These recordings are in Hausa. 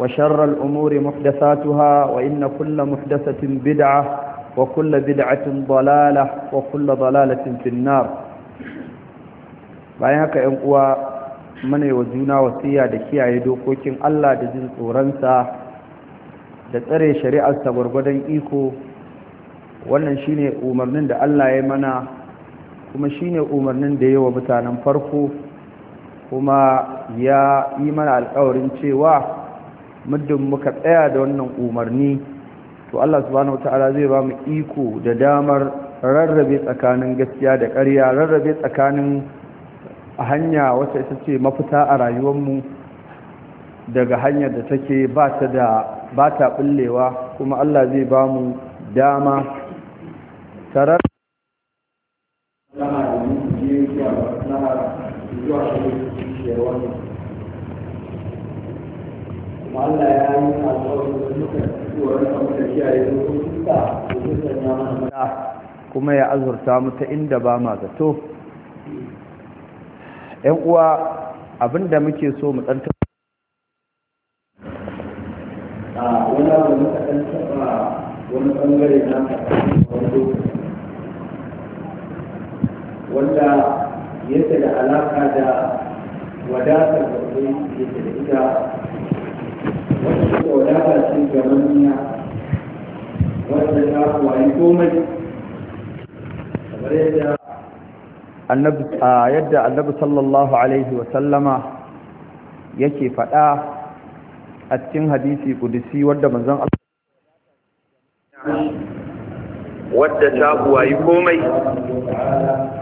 وشر الأمور محدثاتها وإن كل محدثة بدعة وكل بدعة ضلالة وكل ضلالة في النار bayan haka ‘yan uwa mana yi wa juna wasiya da kiyaye dokokin Allah da jin tsoronsa da tsare shari'arsa gwargwadon iko wannan shine umarnin da Allah ya mana kuma shine umarnin da ya wa mutanen farko kuma ya yi mana alkawarin cewa muddin muka tsaya da wannan umarni to Allah subhanahu wataala zai ba mu iko da damar rarrabe tsakanin gaskiya da ƙarya rarrabe tsakanin hanya wacce ita ce mafita a rayuwar mu daga hanyar da take ba ta da ba ta bullewa kuma Allah zai ba mu dama tarar kuma ya azurta mu ta inda ba ma zato ‘yan uwa abinda muke so mu ɗanta a wani abu ɗan taɓa wani ɓangare na wanda yake da alaƙa da wadatar da yake da ita wadata ce ga wadda ta komai kamar yadda annabi yadda annabi sallallahu alaihi yake faɗa a cikin hadisi kudisi wadda manzon wadda ta kwayi komai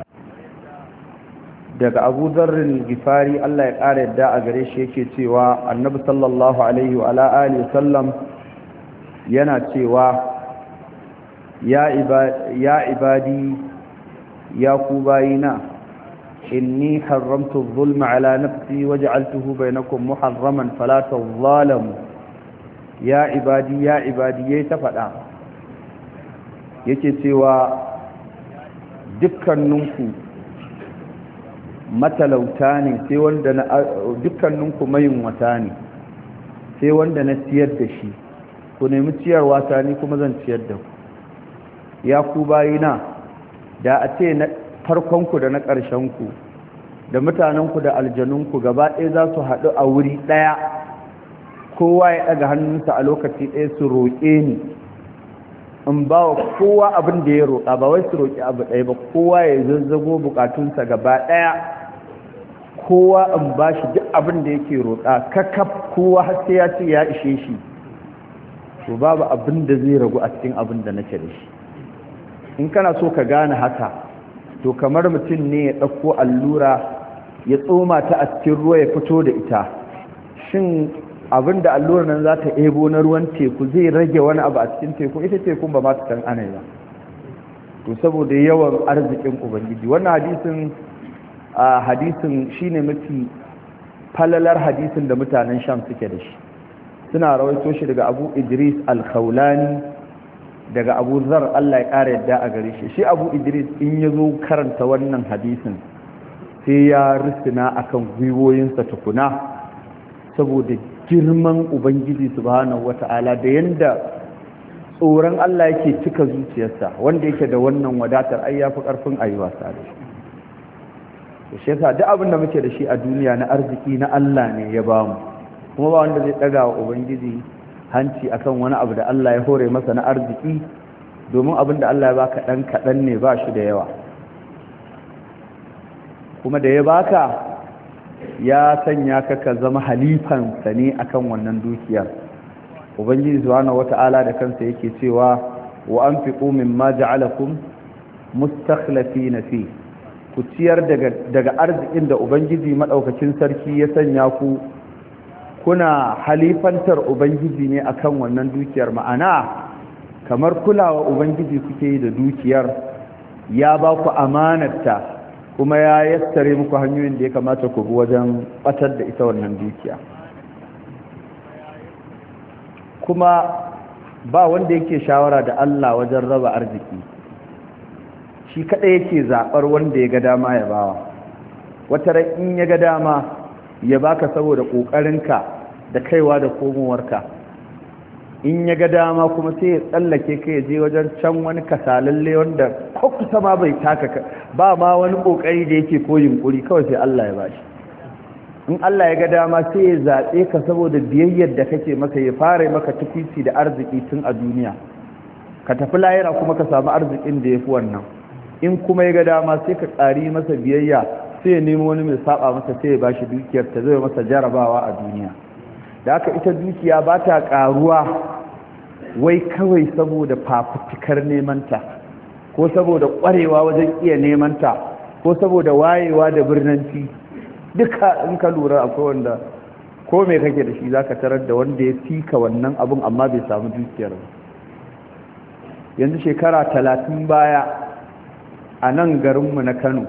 daga abu zarrin gifari allah ya ƙara yadda a gare shi yake cewa annabi sallallahu alaihi wa ala'ali sallam yana cewa ya ibadi ya ku bayina inni haramtu zulma ala nafsi waj'altuhu bainakum muharraman fala tadhalamu ya ibadi ya ibadi yayi ta fada yake cewa dukkaninku matalauta ne sai wanda na dukkaninku mayunwata ne sai wanda na ciyar da shi ku nemi ciyarwa ta ni kuma zan ciyar da ku ya ku bayina da a ce na farkonku da na ƙarshenku da mutanenku da aljanunku gaba ɗaya za su haɗu a wuri ɗaya kowa ya ɗaga hannunsa a lokaci ɗaya su roƙe ni in ba wa kowa abin da ya roƙa ba wai su roƙi abu ɗaya ba kowa ya zazzago bukatunsa gaba ɗaya kowa in ba shi duk abin da yake roƙa kakaf kowa har sai ya ce ya ishe shi to babu abin da zai ragu a cikin abin da nake da shi in kana so ka gane haka to kamar mutum ne ya ɗauko allura ya tsoma ta a cikin ruwa ya fito da ita shin abin da allura nan za ta ebo na ruwan teku zai rage wani abu a cikin teku ita tekun ba ma ta san ana ba to saboda yawan arzikin ubangiji wannan hadisin a hadisin shine mafi falalar hadisin da mutanen sham suke da shi suna rawaito shi daga abu idris al daga abu zar allah ya ƙara yadda a gare shi shi abu idris in ya zo karanta wannan hadisin sai ya a kan gwiwoyinsa tukuna saboda girman ubangiji subhanahu ta'ala. da yadda tsoron allah yake cika zuciyarsa wanda yake da wannan wadatar ai ya fi ƙarfin ayi wasa da shi to ka duk abin da muke da shi a duniya na arziki na Allah ne ya ba mu kuma ba wanda zai daga wa ubangiji hanci akan wani abu da Allah ya hore masa na arziki domin abin da Allah ya baka dan kadan ne ba shi da yawa kuma da ya baka ya sanya ka ka zama halifansa ne akan wannan dukiyar ubangiji subhanahu wata'ala da kansa yake cewa wa anfiqu mimma ja'alakum mustakhlifina fihi ku ciyar daga arzikin da ubangiji maɗaukacin sarki ya sanya ku kuna halifantar ubangiji ne akan wannan dukiyar ma'ana kamar kulawa ubangiji kuke yi da dukiyar ya ba ku amanarta kuma ya yassare muku hanyoyin da ya kamata ku bi wajen batar da ita wannan dukiya kuma ba wanda yake shawara da Allah wajen raba arziki shi kaɗai yake zaɓar wanda ya ga dama ya bawa wata in ya ga dama ya baka saboda ƙoƙarinka da kaiwa da komowarka in ya ga dama kuma sai ya tsallake ka ya je wajen can wani kasalalle wanda ko kusa ma bai taka ba ma wani ƙoƙari da yake ko yunƙuri kawai sai Allah ya bashi in Allah ya ga dama sai ya zaɓe ka saboda biyayyar da kake maka ya fara maka tukisi da arziki tun a duniya ka tafi lahira kuma ka samu arzikin da ya fi wannan in kuma ya ga dama sai ka ƙari masa biyayya sai ya nemo wani mai saba masa sai ya bashi dukiyar ta zai masa jarabawa a duniya da haka ita dukiya ba ta ƙaruwa wai kawai saboda fafutukar nemanta ko saboda ƙwarewa wajen iya nemanta ko saboda wayewa da birnanci duka in ka lura akwai wanda ko mai kake da shi za ka tarar da wanda ya fika wannan abun amma bai samu dukiyar ba yanzu shekara talatin baya a nan garinmu na kano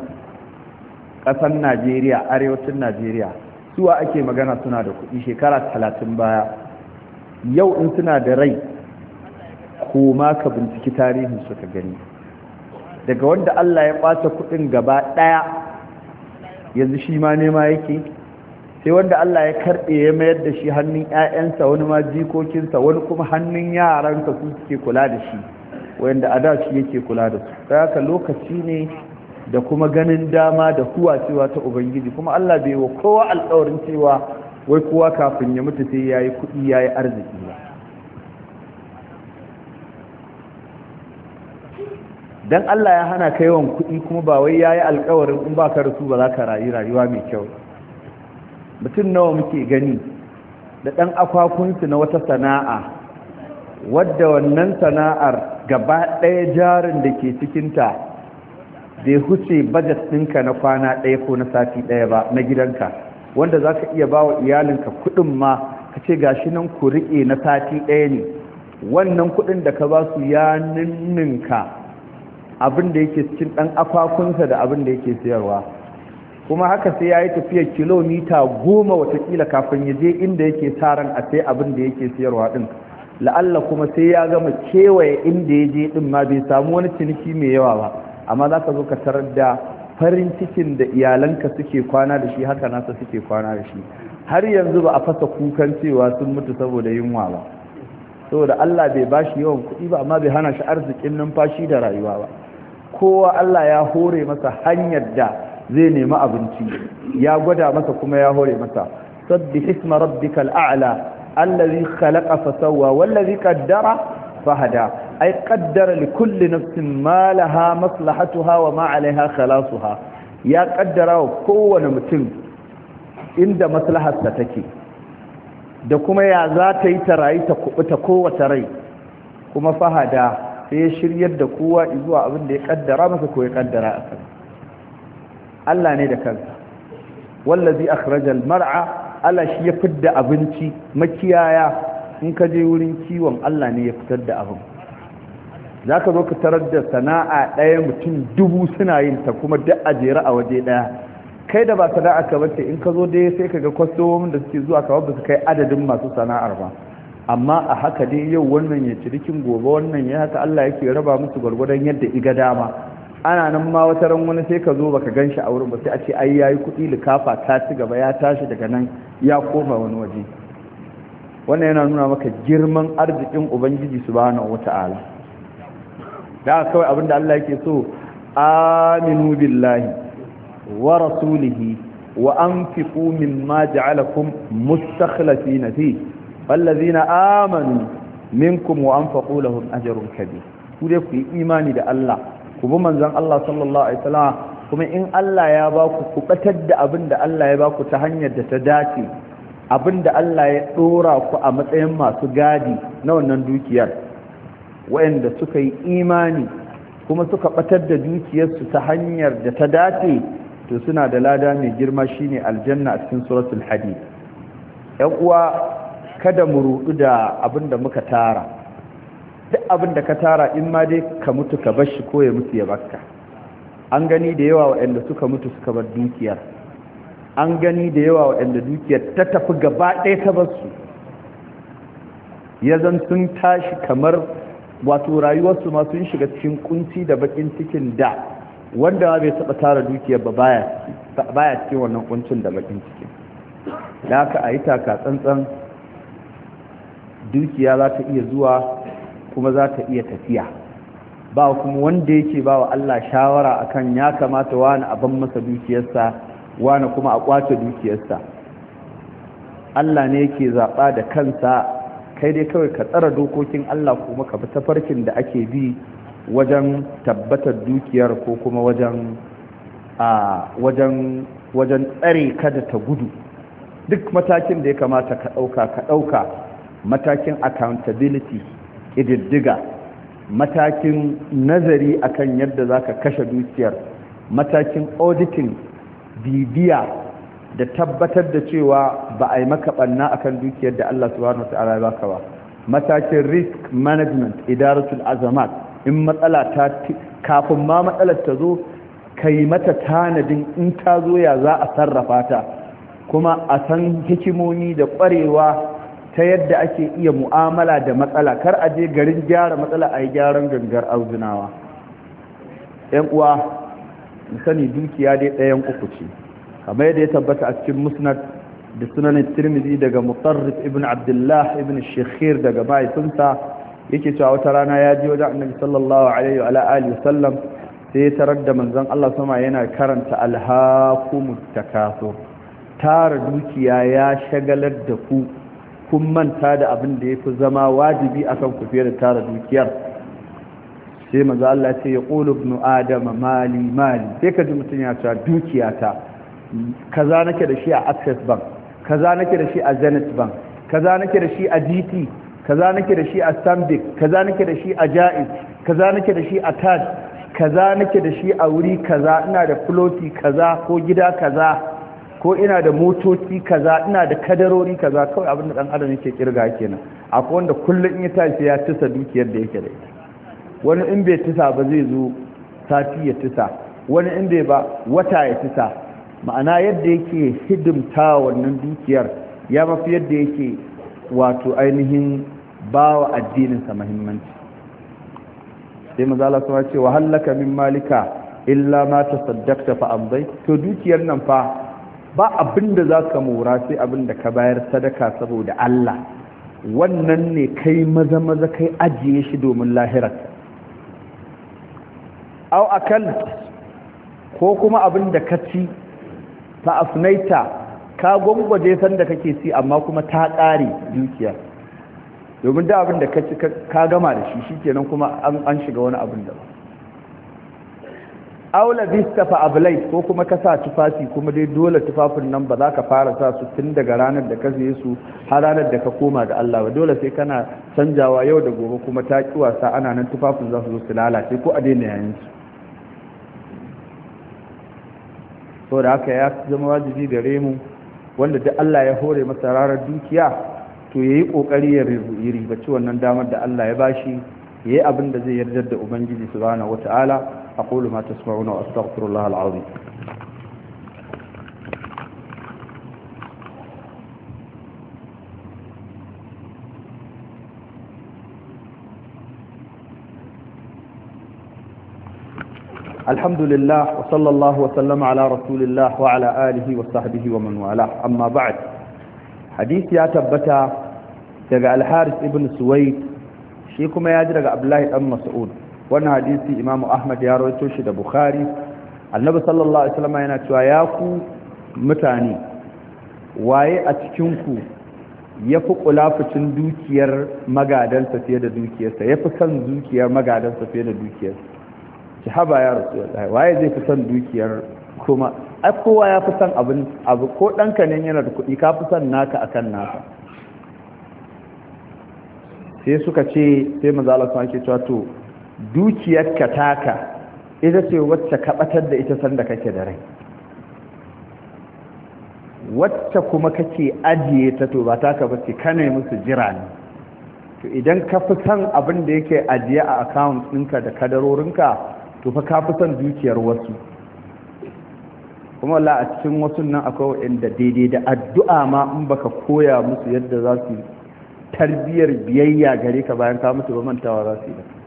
ƙasar najeriya arewacin najeriya suwa ake magana suna da kuɗi shekara talatin baya yau in suna da rai ko ma ka binciki tarihin su ka gani daga wanda allah ya ɓata kuɗin gaba ɗaya yanzu shi ma nema yake sai wanda allah ya karɓe ya mayar da shi hannun 'ya'yansa wani ma jikokinsa wani kuma hannun yaransa su suke kula da shi wanda a da shi yake kula da su ta haka lokaci ne da kuma ganin dama da cewa ta ubangiji kuma allah bai wa kowa alkawarin cewa wai kowa kafin ya mutu sai ya yi kuɗi ya yi arziki ba don allah ya hana ka yawan kuɗi kuma ba wai ya yi alkawarin in ba ka rasu ba za ka rayu rayuwa mai kyau mutum nawa muke gani da ɗan akwakunsu na wata sana'a wadda wannan sana'ar gaba ɗaya jarin da ke cikinta bai huce bajet ɗinka na kwana ɗaya ko na sati ɗaya ba na gidanka wanda za ka iya ba wa iyalinka kuɗin ma ka ce ga shi nan ku riƙe na sati ɗaya ne wannan kuɗin da ka ba su ya ninninka abin da yake cikin ɗan akwakunsa da abin da yake sayarwa kuma haka sai ya yi tafiya kilomita goma watakila kafin ya je inda yake taron a sai abin da yake sayarwa ɗin la'alla kuma sai ya gama kewaye inda ya je din ma bai samu wani ciniki mai yawa ba amma za ka zo ka tarar da farin cikin da iyalanka suke kwana da shi haka nasa suke kwana da shi har yanzu ba a fasa kukan cewa sun mutu saboda yunwa ba saboda Allah bai bashi yawan kuɗi ba amma bai hana shi arzikin numfashi da rayuwa ba kowa Allah ya hore masa hanyar da zai nemi abinci ya gwada masa kuma ya hore masa sabbi hisma rabbikal a'la allazi khalaqa fasawwa wallazi qaddara fahada ay qaddara likulli nafsin ma laha maslahatuha wa ma alaiha khalasuha ya qaddara wa kowane mutum inda maslaharsa take da kuma ya za ta yi ta rayu ta kubuta kowace rai kuma fahada sai ya shiryar da kowa zuwa abin da ya kaddara masa ko ya kaddara a kan Allah ne da kansa wallazi akhrajal mar'a Allah shi ya fidda abinci makiyaya in ka je wurin kiwon Allah ne ya fitar da abin za ka zo ka tarar da sana'a ɗaya mutum dubu suna yin ta kuma duk a jera a waje ɗaya kai da ba sana'a ka bace in ka zo dai sai ka ga kwastomomin da suke zuwa kawai ba su kai adadin masu sana'ar ba amma a haka dai yau wannan ya cirikin gobe wannan ya haka Allah yake raba musu gwargwadon yadda iga dama ana nan ma wata ran wani sai ka zo baka gan shi a wurin ba sai a ce ai yayi kuɗi likafa ta ci gaba ya tashi daga nan ya koma wani waje wannan yana nuna maka girman arzikin ubangiji subhanahu wata'ala da kawai abinda Allah yake so aminu billahi wa rasulihi wa anfiqu mimma ja'alakum mustakhlifin fi wallazina amanu minkum wa anfaqu lahum ajrun kabir ku dai ku yi imani da Allah ku bi manzon Allah sallallahu alaihi wasallam kuma in Allah ya ba ku ku da abin da Allah ya ba ku ta hanyar da ta dace abin da Allah ya ɗora ku a matsayin masu gadi na wannan dukiyar wayanda suka yi imani kuma suka ɓatar da dukiyarsu ta hanyar da ta dace to suna da lada mai girma shine aljanna a cikin suratul hadid yan uwa kada mu rudu da abin da muka tara duk abin da ka tara in ma dai ka mutu ka bar shi ko ya mutu ya baka an gani da yawa waɗanda suka mutu suka bar dukiyar an gani da yawa waɗanda dukiyar ta tafi gaba ɗaya ta bar su ya zan sun tashi kamar wato rayuwarsu ma sun shiga cikin kunci da bakin cikin da wanda ma bai taɓa tara dukiyar ba baya cikin wannan kuncin da bakin cikin da haka a yi taka tsantsan dukiya za ta iya zuwa kuma za ta iya tafiya ba kuma wanda yake ba wa Allah shawara akan ya kamata wani abin masa dukiyarsa wani kuma a kwace dukiyarsa Allah ne yake zaɓa da kansa kai dai kawai ka tsara dokokin Allah kuma ka bi tafarkin da ake bi wajen tabbatar dukiyar ko kuma wajen a wajen wajen tsare kada ta gudu duk matakin da ya kamata ka ɗauka ka ɗauka matakin accountability ƙididdiga matakin nazari akan yadda za ka kashe dukiyar matakin auditing bibiya da tabbatar da cewa ba a yi maka ɓanna akan dukiyar da Allah subhanahu ta'ala ya baka ba matakin risk management idaratul azamat in matsala ta kafin ma matsalar ta zo kai mata tanadin in ta zo ya za a sarrafa ta kuma a san hikimomi da ƙwarewa ta yadda ake iya mu'amala da matsala kar a je garin gyara matsala a yi gyaran gangar auzunawa yan uwa sani dukiya dai ɗayan uku ce kamar yadda ya tabbata a cikin musnad da sunanin tirmidhi daga mutarrif ibn abdullah ibn shekhir daga mahaifinsa yake cewa wata rana ya ji wajen annabi sallallahu alaihi wa alihi sallam sai ya tarar da manzon Allah sama yana karanta alhaqumut takasur tara dukiya ya shagalar da ku kun manta da abin da ya fi zama wajibi a kan kufiyar da tara dukiyar sai maza Allah ce ya ƙulu ibn adama mali mali sai ka ji mutum ya cewa dukiyata kaza nake da shi a access bank kaza nake da shi a zenith bank kaza nake da shi a dt kaza nake da shi a stanbic kaza nake da shi a ja'iz kaza nake da shi a taj kaza nake da shi a wuri kaza ina da floti kaza ko gida kaza ko ina da motoci kaza ina da kadarori kaza kawai abin da dan adam yake kirga kenan akwai wanda kullum in ya tashi ya tisa dukiyar da yake da ita wani in bai tisa ba zai zo sati ya tisa wani in bai ba wata ya tisa ma'ana yadda yake hidimta wannan dukiyar ya mafi yadda yake wato ainihin ba bawa addininsa muhimmanci sai maza Allah ce wa hallaka min malika illa ma tasaddaqta fa amdai to dukiyar nan fa ba abin da za ka mora sai abin da ka bayar sadaka saboda Allah wannan ne kai maza maza kai ajiye shi domin lahirar au akal ko kuma abin da ka ci ta afnaita ka gwangwaje sanda kake ci amma kuma ta ƙare dukiya domin da abin da ka ci ka gama da shi shikenan kuma an shiga wani abin da ba aula bista fa ablai ko kuma ka sa tufafi kuma dai dole tufafin nan ba za ka fara sa su tun daga ranar da ka zai su har ranar da ka koma da Allah ba dole sai kana canjawa yau da gobe kuma ta ki wasa ana nan tufafin za su zo su lalace ko a daina yayin su to da haka ya zama wajibi da remu wanda duk Allah ya hore masa rarar dukiya to yayi kokari ya ribaci wannan damar da Allah ya bashi yayi abin da zai yarda da ubangiji subhanahu wataala أقول ما تسمعون وأستغفر الله العظيم الحمد لله وصلى الله وسلم على رسول الله وعلى آله وصحبه ومن والاه أما بعد حديث يا تبتا daga alharis ibn suwaid shi kuma ya ji daga abdullahi dan mas'ud wannan hadisi imamu ahmad ya rawaito shi da bukhari annabi sallallahu alaihi wasallam yana cewa ya ku mutane waye a cikin ku yafi kulafucin dukiyar magadansa fiye da dukiyarsa yafi san dukiyar magadansa fiye da dukiyarsa ki haba ya rasulullahi waye zai fi san dukiyar kuma ai kowa ya fi san abin abu ko ɗanka ne yana da kuɗi ka fi san naka akan naka sai suka ce sai maza Allah sun ake to dukiyarka taka ita ce wacce ka batar da ita sanda kake da rai wacce kuma kake ajiye ta to ba taka bace ne musu jira ne to idan ka fi son abin da yake ajiye a account ɗinka da kadarorinka to fa ka fi san dukiyar wasu kuma la a cikin wasu nan akwai waɗanda daidai da addu'a ma in baka koya musu yadda za su tarbiyyar biyayya gare ka bayan ka mutu ba mantawa za su yi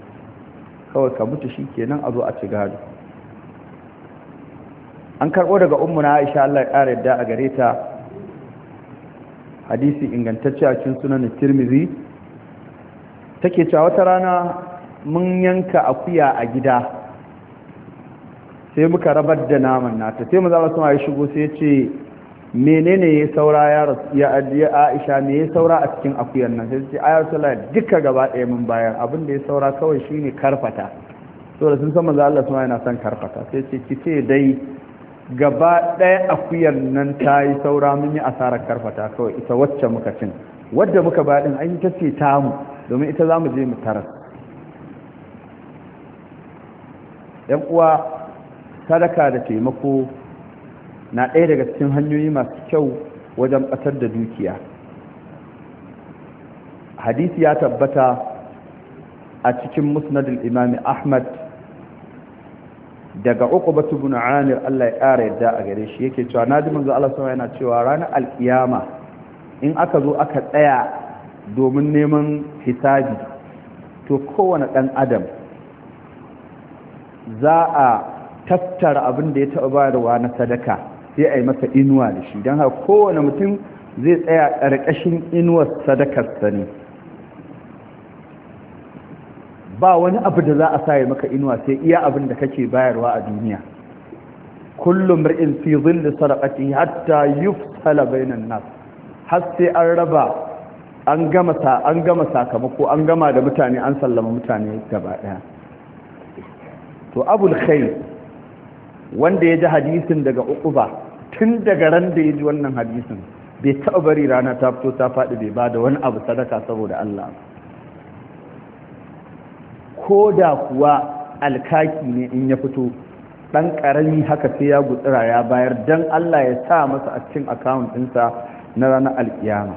kawai ka mutu shi kenan a zo a ci gado an karɓo daga na aisha Allah ya ƙara yadda a gare ta hadisi ingantacce a cikin sunan tirmizi take cewa wata rana mun yanka akuya a gida sai muka rabar da naman nata sai mu zama suna ya shigo sai ya ce menene ya saura ya ya Aisha me ya saura a cikin akuyan nan sai ce sala duka gaba ɗaya mun bayar abin da ya saura kawai shine karfata da sun san manzo Allah subhanahu yana son karfata sai ce ki ce dai gaba ɗaya akuyan nan ta yi saura mun yi asarar karfata kawai ita wacce muka cin wadda muka ba din an ta ce mu domin ita za mu je mu tarar yan uwa sadaka da taimako na ɗaya daga cikin hanyoyi masu kyau wajen ɓatar da dukiya hadisi ya tabbata a cikin musnadul imami ahmad daga uku uqbatu ibn ranar Allah ya ƙara yadda a gare shi yake cewa na manzo Allah alasawa yana cewa ranar alƙiyama in aka zo aka tsaya domin neman hisabi to kowane ɗan adam za a tattara abin da ya taɓa bayarwa na sadaka sai a yi masa inuwa da shi don haka kowane mutum zai tsaya ƙarƙashin inuwar sadakarsa ne ba wani abu da za a sa yi maka inuwa sai iya abin da kake bayarwa a duniya kullum mar'in fi zilli sadaqati hatta yufsala bainan nas har sai an raba an gama sa an gama sakamako an gama da mutane an sallama mutane gaba daya to abul khair wanda ya ji hadisin daga uku ba tun daga ran da ya ji wannan hadisin bai taɓa bari rana ta fito ta faɗi bai ba da wani abu sadaka saboda Allah ko da kuwa alkaki ne in ya fito ɗan ƙarami haka sai ya gutsira ya bayar don Allah ya sa masa a cikin akawun ɗinsa na ranar alkiyama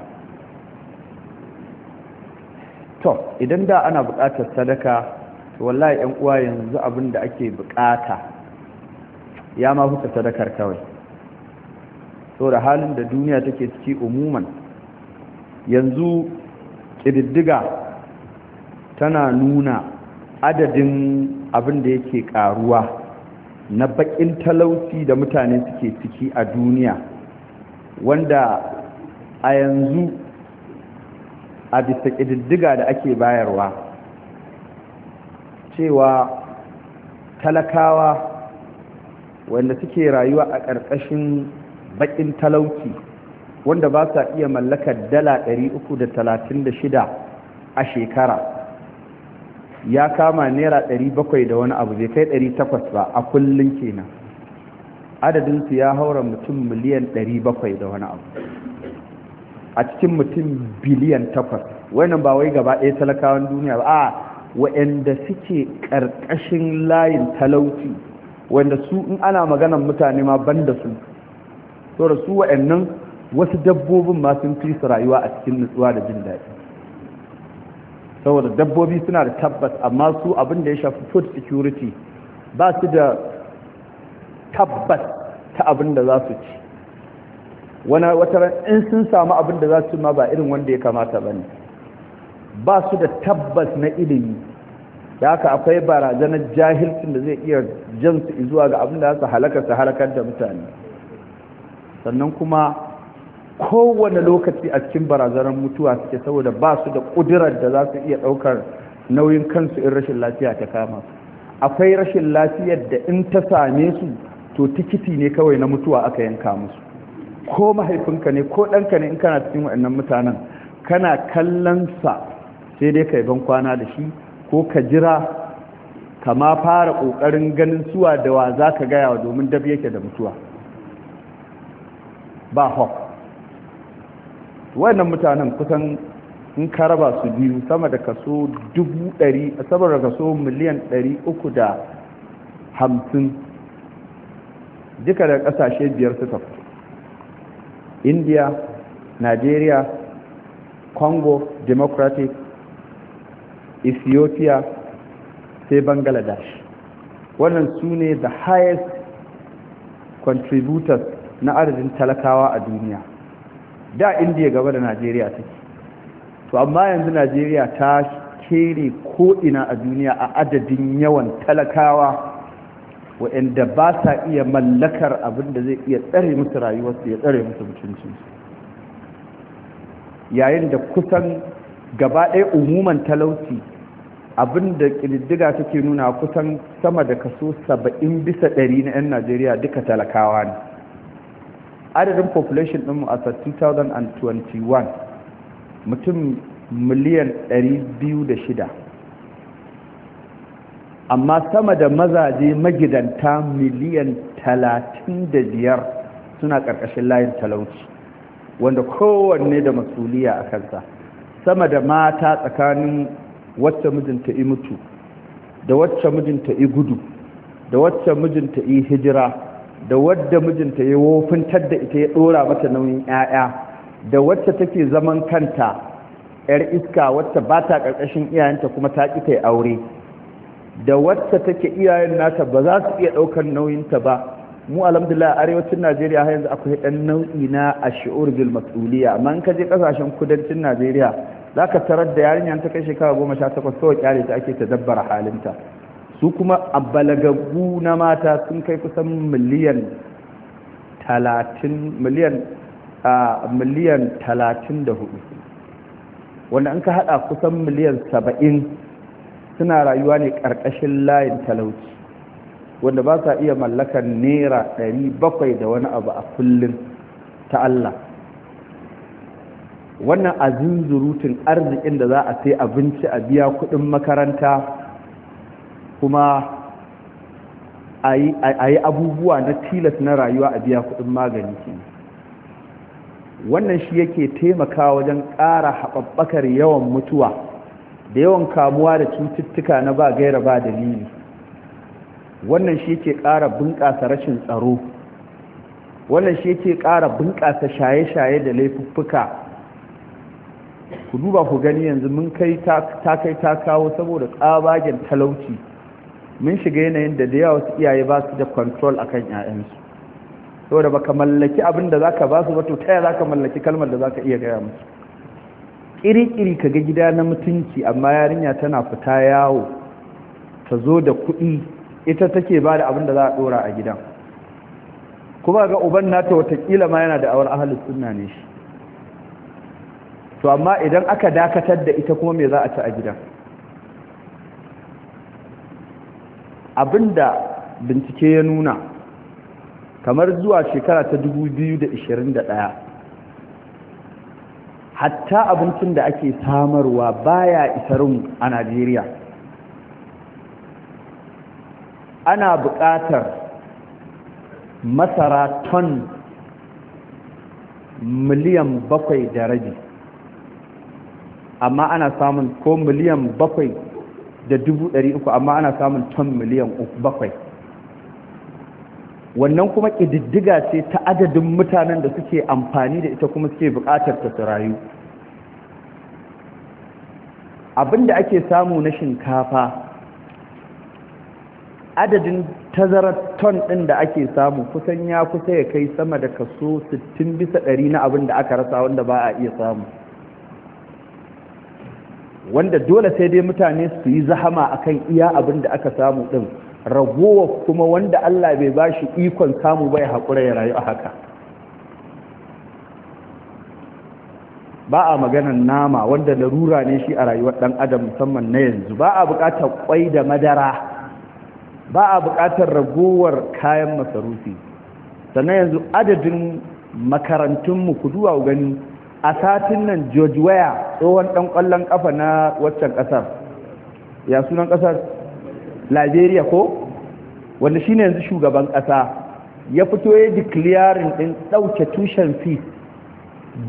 to idan da ana buƙatar sadaka wallahi 'yan uwa yanzu abin da ake buƙata ya ma huta sadakar kawai so da halin da duniya take ciki umuman yanzu ƙididdiga tana nuna adadin abin da yake ƙaruwa na baƙin talauci da mutane suke ciki a duniya wanda a yanzu a bisa ƙididdiga da ake bayarwa cewa talakawa wanda suke rayuwa a ƙarƙashin baƙin talauci wanda ba sa iya mallakar dala 336 a shekara ya kama naira 700 da wani abu bai kai 800 ba a kullum kenan adadinsu ya haura mutum miliyan 700 da wani abu a cikin mutum biliyan 8 wannan ba wai gaba ɗaya talakawan duniya ba a waɗanda suke ƙarƙashin layin talauci wanda su in ana maganan mutane ma ban da su saboda su wa'annan wasu dabbobin ma sun fi su rayuwa a cikin nutsuwa da jin daɗi saboda dabbobi suna da tabbas amma su abin da ya shafi food security ba su da tabbas ta abin da za su ci wani wataran in sun samu abin da za su ma ba irin wanda ya kamata ba ne ba su da tabbas na ilimi da haka akwai barazanar jahilcin da zai iya jan su zuwa ga abin da za halaka su halakar da mutane sannan kuma kowane lokaci a cikin barazanar mutuwa suke saboda ba su da ƙudurar da za su iya ɗaukar nauyin kansu in rashin lafiya ta kama akwai rashin lafiyar da in ta same su to tikiti ne kawai na mutuwa aka yanka musu ko mahaifinka ne ko ɗanka ne in kana cikin waɗannan mutanen kana kallon sa sai dai ka yi ban kwana da shi ko ka jira ka ma fara ƙoƙarin ganin suwa da wa za ka gaya wa domin dab yake da mutuwa ba hok wannan mutanen kusan in ka raba su biyu sama da kaso dubu ɗari da kaso miliyan ɗari uku da hamsin duka da ƙasashe biyar suka fito india nigeria congo democratic ethiopia sai bangladesh wannan su ne the highest contributors na adadin talakawa a duniya da indiya gaba da najeriya take to amma yanzu najeriya ta kere ko'ina a duniya a adadin yawan talakawa waɗanda ba sa iya mallakar abin da zai iya tsare musu rayuwarsu ya tsare musu mutuncinsu yayin da kusan gaba ɗaya umuman talauci abin da ƙididdiga take nuna kusan sama da kaso saba'in bisa ɗari na 'yan najeriya duka talakawa ne adadin population ɗinmu a 2021 mutum miliyan 206 amma sama da mazaje magidanta miliyan 35 suna ƙarƙashin layin talauci wanda kowanne da masuliya a kansa sama da mata tsakanin wacce mijinta yi mutu da wacce mijinta yi gudu da wacce mijinta yi hijira da wadda mijinta ya wofintar da ita ya dora mata nauyin 'ya'ya da wacce take zaman kanta 'yar iska wacce ba ta ƙarƙashin iyayenta kuma ta ƙi ta yi aure da wacce take iyayen nata ba za su iya ɗaukar nauyinta ba mu alhamdulillah arewacin najeriya har yanzu akwai ɗan nau'i na a shi'ur bil mas'uliya amma in ka je ƙasashen kudancin najeriya za ka tarar da yarinya ta kai shekara goma sha takwas kawai kyale ta ake ta dabbara halinta su kuma a balagaggu na mata sun kai kusan miliyan talatin da hudu wanda an ka hada kusan miliyan saba'in suna rayuwa ne karkashin layin talauci wanda ba sa iya mallakar naira ɗari bakwai da wani abu a kullum ta Allah wannan zurutun arzikin da za a sai abinci a biya kuɗin makaranta kuma a yi abubuwa na tilas na rayuwa a biya kuɗin magani wannan shi yake taimaka wajen ƙara haɓaɓɓakar yawan mutuwa da yawan kamuwa da cututtuka na ba gaira ba dalili wannan shi yake ƙara bunƙasa rashin tsaro wannan shi yake ƙara bunƙasa shaye-shaye da laifuffuka ku duba ku gani yanzu mun kai ta kai ta kawo saboda tsabagen talauci mun shiga yanayin da da yawa su iyaye ba su da control akan ƴaƴansu saboda baka mallaki abin da zaka ba su ba to taya zaka mallaki kalmar da zaka iya gaya musu kiri-kiri kaga gida na mutunci amma yarinya tana fita yawo ta zo da kuɗi ita take ba da abin da za a ɗora a gidan kuma ga uban nata watakila ma yana da awar ahalus sunna ne shi to amma idan aka dakatar da ita kuma me za a ci a gidan abinda bincike ya nuna kamar zuwa shekara ta 2021 hatta abincin da ake samarwa baya isarin a najeriya ana buƙatar masara ton miliyan bakwai da rabi amma ana samun ko miliyan bakwai da dubu ɗari uku amma ana samun ton miliyan bakwai wannan kuma ƙididdiga ce ta adadin mutanen da suke amfani da ita kuma suke buƙatar ta rayu abinda ake samu na shinkafa adadin tazarar ton ɗin da ake samu kusan ya kusa ya kai sama da kaso 60 bisa ɗari na abin da aka rasa wanda ba a iya samu wanda dole sai dai mutane su yi zahama akan iya abin da aka samu din ragowa kuma wanda Allah bai ba shi ikon samu bai haƙura ya rayu a haka ba a maganar nama wanda larura ne shi a rayuwar ɗan adam musamman na yanzu ba a buƙatar ƙwai da madara ba a buƙatar ragowar kayan masarufi sannan yanzu adadin makarantunmu ku duwa gani a satin nan george waya tsohon ɗan ƙwallon ƙafa na waccan ƙasar ya sunan ƙasar liberia ko wanda shine yanzu shugaban ƙasa ya fito ya dikiliyarin ɗin ɗauke tushen fi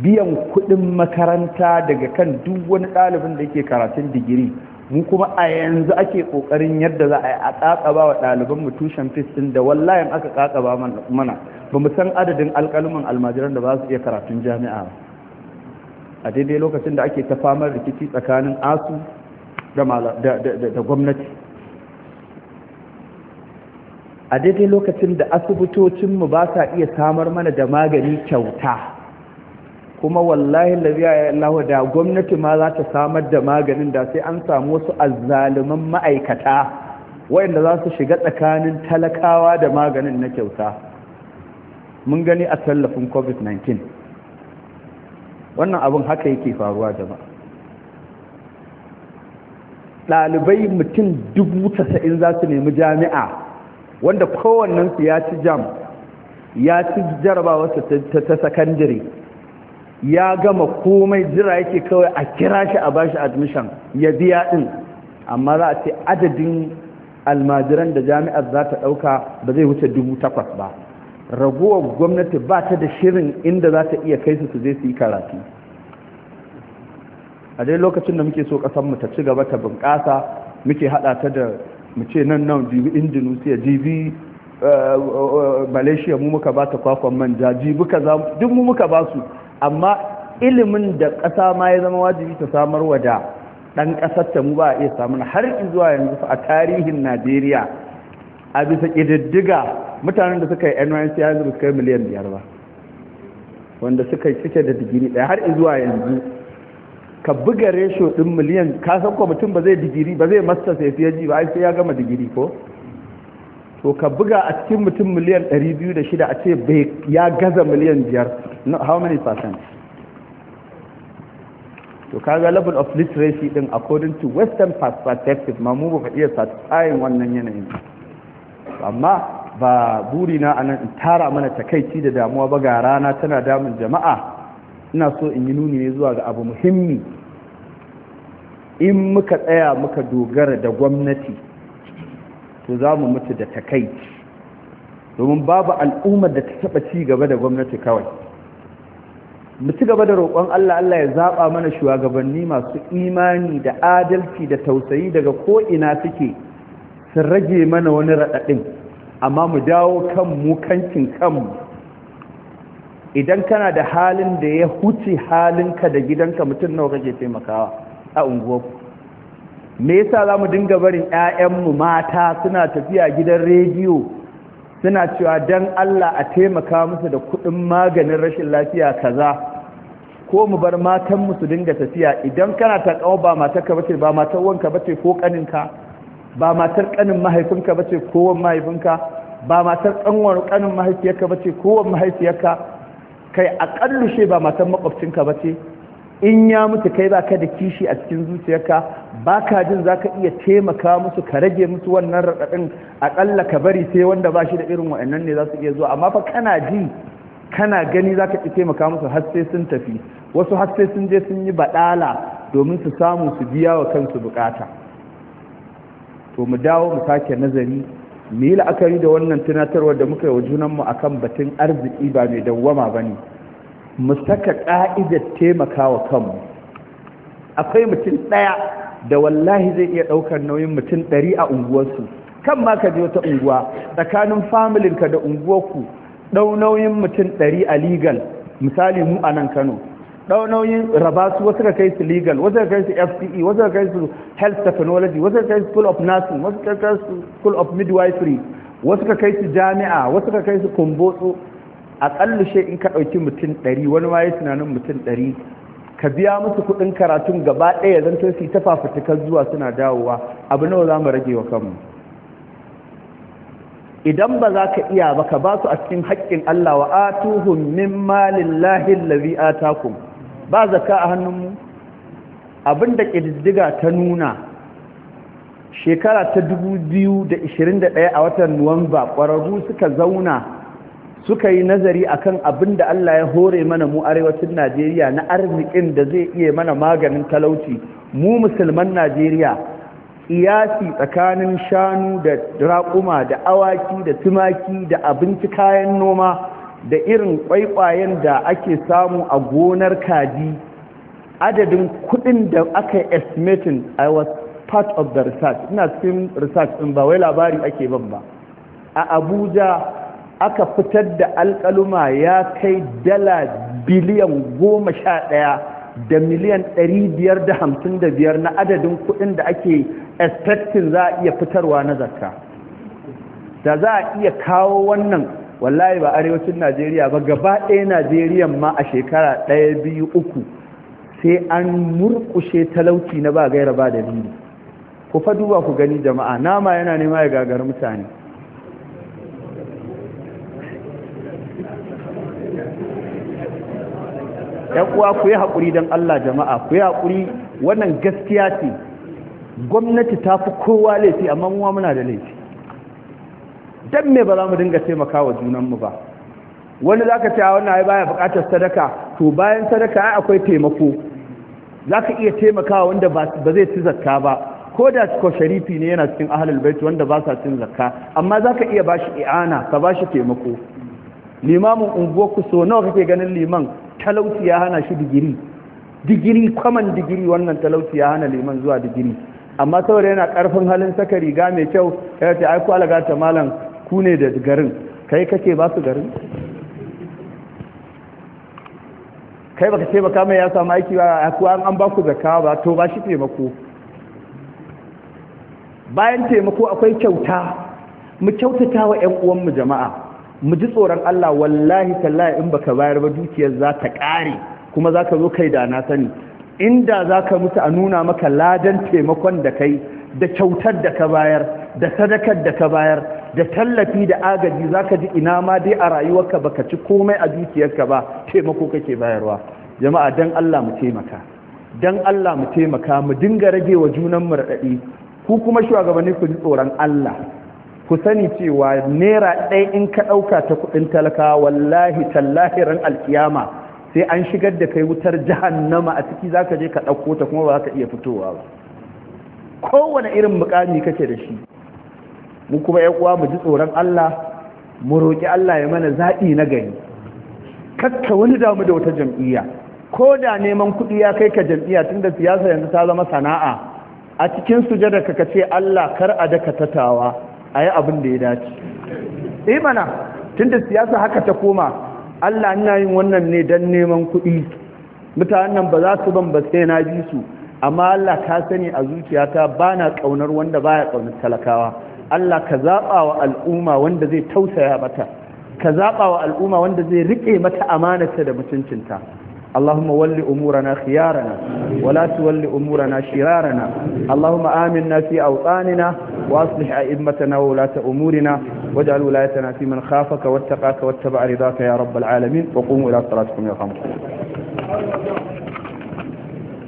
biyan kuɗin makaranta daga kan duk wani ɗalibin da yake karatun digiri mu kuma a yanzu ake ƙoƙarin yadda za a yi a ƙaƙaba wa ɗaliban mu tushen fis ɗin da wallayan aka ƙaƙaba mana ba mu san adadin alƙaluman almajiran da ba su iya karatun jami'a ba a daidai lokacin da ake ta famar rikici tsakanin asu da gwamnati a daidai lokacin da asibitocinmu ba sa iya samar mana da magani kyauta kuma wallahi labiya Allah da gwamnati ma za ta samar da maganin da sai an samu wasu azzaluman ma'aikata wayanda za su shiga tsakanin talakawa da maganin na kyauta mun gani a tallafin covid-19 wannan abin haka yake faruwa jama'a ɗalibai mutum dubu tasa'in za su nemi jami'a wanda kowannensu ya ci jam ya ci jarabawarsa ta sakandare ya gama komai jira yake kawai a kira shi a bashi admission ya biya ɗin amma za a ce adadin almajiran da jami'ar za ta ɗauka ba zai wuce dubu takwas ba Raguwar gwamnati ba ta da shirin inda za ta iya kai su su zai su yi karatu a dai lokacin da muke so kasanmu ta ci gaba ta bunƙasa muke haɗa ta da mu ce nan nan jibi indonesia jibi eh, eh, malaysia mu muka ba ta kwakwan manja jibi kaza duk mu muka ba su amma ilimin da ƙasa ma ya zama wajibi ta samar wa da ɗan ƙasar ta mu ba a iya samun har zuwa yanzu a tarihin najeriya a bisa ƙididdiga mutanen da suka yi nysc ya zuba kai miliyan biyar ba wanda suka cike da digiri ɗaya har zuwa yanzu ka buga resho ɗin miliyan ka san ko mutum ba zai digiri ba zai masta sai fiye ba sai ya gama digiri ko to ka buga a cikin mutum miliyan shida a ce ya gaza miliyan 5 how many percent to kaga level of literacy ɗin according to western perspective ma mu ba iya satisfying wannan yanayin amma ba burina a nan in tara mana takaici da damuwa ba ga rana tana damun jama'a ina so in yi nuni ne zuwa ga abu muhimmi in muka tsaya muka dogara da gwamnati to za mu mutu da takaici domin babu al'ummar da ta taɓa ci gaba da gwamnati kawai mu ci gaba da roƙon Allah Allah ya zaɓa mana shugabanni masu imani da adalci da tausayi daga ko ina suke su rage mana wani raɗaɗin amma mu dawo kan mu kankin kanmu idan kana da halin da ya huce halinka da gidanka mutum nawa kake taimakawa a unguwarku me yasa za mu dinga barin 'ya'yanmu mata suna tafiya gidan rediyo suna cewa dan Allah a taimaka musu da kuɗin maganin rashin lafiya kaza ko mu bar matanmu su dinga tafiya idan kana ta ba matarka bace ba matar wanka bace ko kaninka ba matar kanin mahaifinka ba ce kowan mahaifinka ba matar kanwar kanin mahaifiyarka ba ce kowan mahaifiyarka kai a she ba matar makwabcinka ba ce in ya mutu kai ba ka da kishi a cikin zuciyarka ba ka jin za ka iya taimaka musu ka rage musu wannan raɗaɗin aƙalla ka bari sai wanda ba shi da irin wa'annan ne za su iya zuwa amma fa kana ji kana gani za ka taimaka musu har sun tafi wasu har sun je sun yi baɗala domin su samu su biya wa kansu bukata to mu dawo mu sake nazari mu yi la'akari da wannan tunatarwar da muka yi wa junanmu a kan batun arziki ba mai dawwama ba ne mu saka ƙa'idar taimaka wa kanmu akwai mutum ɗaya da wallahi zai iya ɗaukar nauyin mutum ɗari a unguwarsu kan ma ka je wata unguwa tsakanin familinka da unguwarku ɗau nauyin mutum ɗari a legal misali mu a nan kano nauyin Rabasu, su wasu ka kai su legal wasu ka kai su fce wasu ka kai su health technology wasu ka kai su school of nursing wasu ka kai su school of midwifery wasu ka kai su jami'a wasu ka kai su kumbotso a ƙallushe in ka ɗauki mutum ɗari wani ma yi tunanin mutum ɗari ka biya musu kuɗin karatun gaba ɗaya zan to su ta fafutukar zuwa suna dawowa abu nawa za mu rage wa kanmu idan ba za ka iya ba ka ba su a cikin haƙƙin Allah wa atuhum min malin lahi allazi atakum ba zaka a hannunmu abinda ƙididdiga ta nuna shekara ta 2021 a watan nuwamba ƙwararru suka zauna suka yi nazari akan abin da Allah ya hore mana mu arewacin Najeriya na arzikin da zai iya mana maganin talauci mu musulman Najeriya iyasi tsakanin shanu da raƙuma da awaki da tumaki da abinci kayan noma da irin kwaikwayen da ake samu a gonar kaji adadin kudin da aka estimatin. i was part of the research ina cikin research din ba wai labari ake ban ba a abuja aka fitar da alkaluma ya kai dala biliyan goma sha ɗaya da miliyan ɗari biyar da hamsin da biyar na adadin kuɗin da ake expecting za a iya fitarwa na zakka da za a iya kawo wannan wallahi ba arewacin najeriya ba gaba ɗaya najeriyan ma a shekara ɗaya biyu uku sai an murkushe talauci na ba gaira ba da dalili ku fa duba ku gani jama'a nama yana nema ya gagar mutane uwa ku yi haƙuri don allah jama'a ku yi haƙuri wannan gaskiya ce gwamnati ta fi kowa laifi amma muwa muna da laifi dan me ba za mu dinga taimakawa junanmu ba wani za ka cewa wannan ai baya bukatar sadaka to bayan sadaka ai akwai taimako za ka iya taimakawa wanda ba zai ci zakka ba ko da ko sharifi ne yana cikin ahlul bait wanda ba sa cin zakka amma zaka iya bashi i'ana ka ba shi taimako limamin unguwa ku so nawa kake ganin liman talauci ya hana shi digiri digiri kwaman digiri wannan talauci ya hana liman zuwa digiri amma saboda yana karfin halin saka riga mai kyau ya ce ai ko alaga ta malam ku ne da garin kai kake ba su garin kai baka ce baka mai ya samu aiki ba kuwa an ba ku zaka ba to ba shi taimako bayan taimako akwai kyauta mu kyautata wa 'yan uwanmu jama'a mu ji tsoron Allah wallahi tallahi in baka bayar ba dukiyar za ta ƙare kuma za ka zo kai da na sani inda za ka mutu a nuna maka ladan taimakon da kai da kyautar da ka bayar da sadakar da ka bayar da tallafi da agaji za ka ji ina ma dai a rayuwarka baka ci komai a dukiyarka ba taimako kake bayarwa jama'a dan Allah mu taimaka dan Allah mu taimaka mu dinga rage wa junan mu radadi ku kuma shugabanni ku ji tsoron Allah ku sani cewa naira ɗaya in ka ɗauka ta kuɗin talaka wallahi tallahi ran alkiyama sai an shigar da kai wutar jahannama a ciki za ka je ka ɗauko ta kuma ba za ka iya fitowa ba kowane irin mukami kake da shi mu kuma yan uwa mu ji tsoron Allah mu roƙi Allah ya mana zaɓi na gari kakka wani damu da wata jam'iyya ko da neman kuɗi ya kai ka jam'iyya tunda siyasa yanzu ta zama sana'a a cikin sujada ka ce Allah kar a daka tatawa a yi abin da ya dace eh mana tunda siyasa haka ta koma Allah ina yin wannan ne don neman kuɗi mutanen nan ba za su ban ba sai na bi su amma Allah ka sani a zuciyata ba na ƙaunar wanda baya ƙaunar talakawa Allah ka zaɓa wa al'umma wanda zai tausaya mata ka zaɓa wa al'umma wanda zai riƙe mata amanarta da mutuncinta اللهم ول أمورنا خيارنا ولا تول أمورنا شرارنا اللهم آمنا في أوطاننا وأصلح أئمتنا وولاة أمورنا واجعل ولايتنا في من خافك واتقاك واتبع رضاك يا رب العالمين وقوموا إلى صلاتكم يا خمس